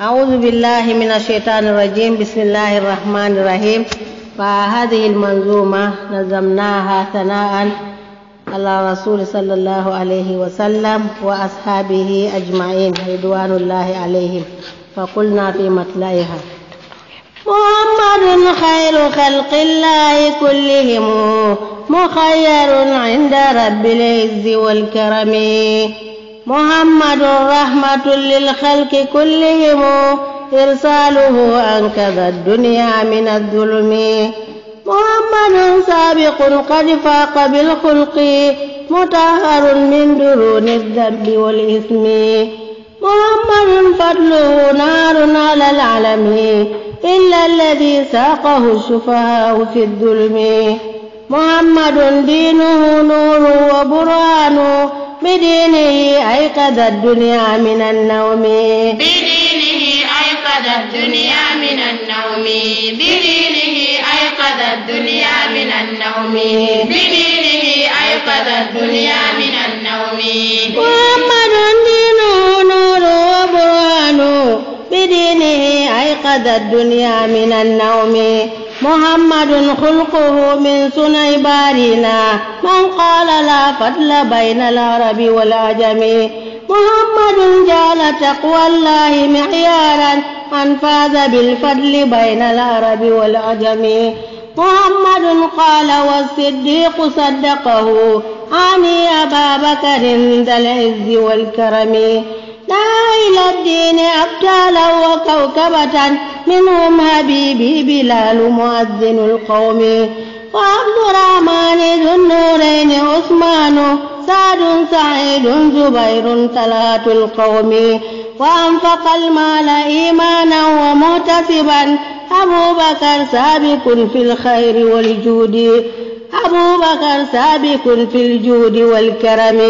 أعوذ بالله من الشيطان الرجيم بسم الله الرحمن الرحيم فهذه المنظومة نظمناها ثناء على رسول صلى الله عليه وسلم وأصحابه أجمعين رضوان الله عليهم فقلنا في مطلعها محمد خير خلق الله كلهم مخير عند رب العز والكرم محمد رحمة للخلق كلهم إرساله أنقذ الدنيا من الظلم محمد سابق قد فاق بالخلق مطهر من درون الذنب والإثم محمد فضله نار على العالم إلا الذي ساقه الشفاء في الظلم محمد دينه نور وبرهان بدينه أيقظ الدنيا من النوم بدينه أيقظ الدنيا من النوم بدينه أيقظ الدنيا من النوم بدينه أيقظ الدنيا من النوم محمد دينه نور وبرهان بدينه أيقظ الدنيا من النوم محمد خلقه من سنن بارينا من قال لا فضل بين العرب والعجم محمد جعل تقوى الله معيارا من فاز بالفضل بين العرب والعجم محمد قال والصديق صدقه عني أبا بكر ذا العز والكرم إلى الدين أبتالا وكوكبة منهم حبيبي بلال مؤذن القوم وعبد الرحمن ذو النورين عثمان سعد سعيد زبير ثلاث القوم وأنفق المال إيمانا ومحتسبا أبو بكر سابق في الخير والجود أبو بكر سابق في الجود والكرم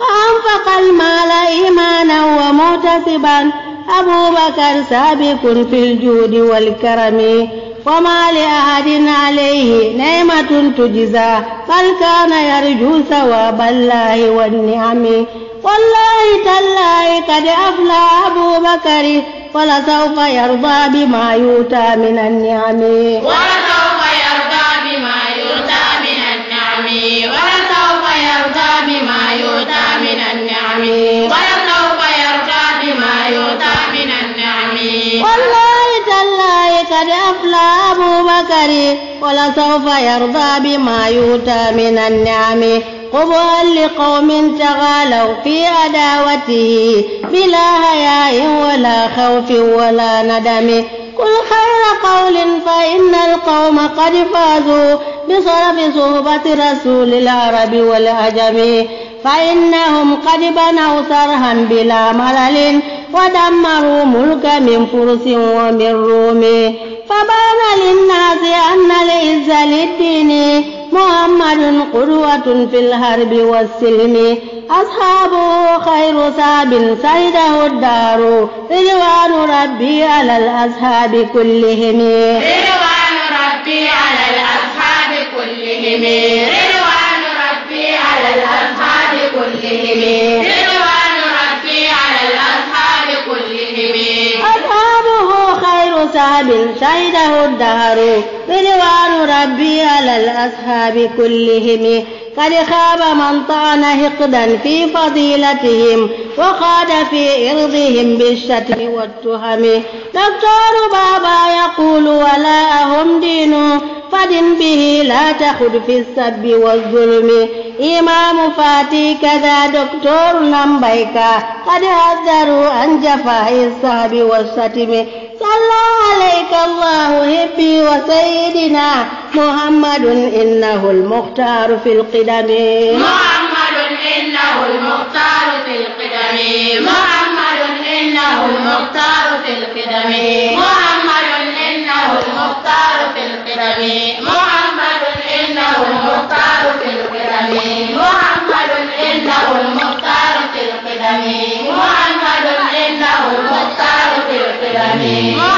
فأنفق المال إيمانا ومحتسبا أبو بكر سابق في الجود والكرم وما لأحد عليه نعمة تجزى بل كان يرجو ثواب الله والنعم والله تالله قد أفلى أبو بكر ولسوف يرضى بما يؤتى من النعم الشاكر ولسوف يرضى بما يؤتى من النعم قبها لقوم تغالوا في عداوته بلا هياء ولا خوف ولا ندم قل خير قول فإن القوم قد فازوا بصرف صحبة رسول العرب والعجم فإنهم قد بنوا سرها بلا ملل ودمروا ملك من فرس ومن روم فبان للناس أن العز للدين محمد قدوة في الحرب والسلم أصحابه خير ساب سيده الدار رضوان ربي على الأصحاب كلهم رضوان ربي على الأصحاب كلهم مصعب شهده الدهر رضوان ربي على الأصحاب كلهم قد خاب من طعن هقدا في فضيلتهم وقاد في إرضهم بالشتم والتهم دكتور بابا يقول ولاءهم دين فد به لا تخد في السب والظلم إمام فاتي كذا دكتور نمبيكا قد هذروا عن جفاء الصحب والشتم صلى عليك الله هبي وسيدنا محمد إنه المختار في القدم محمد إنه المختار في القدم محمد إنه المختار في القدم محمد vamos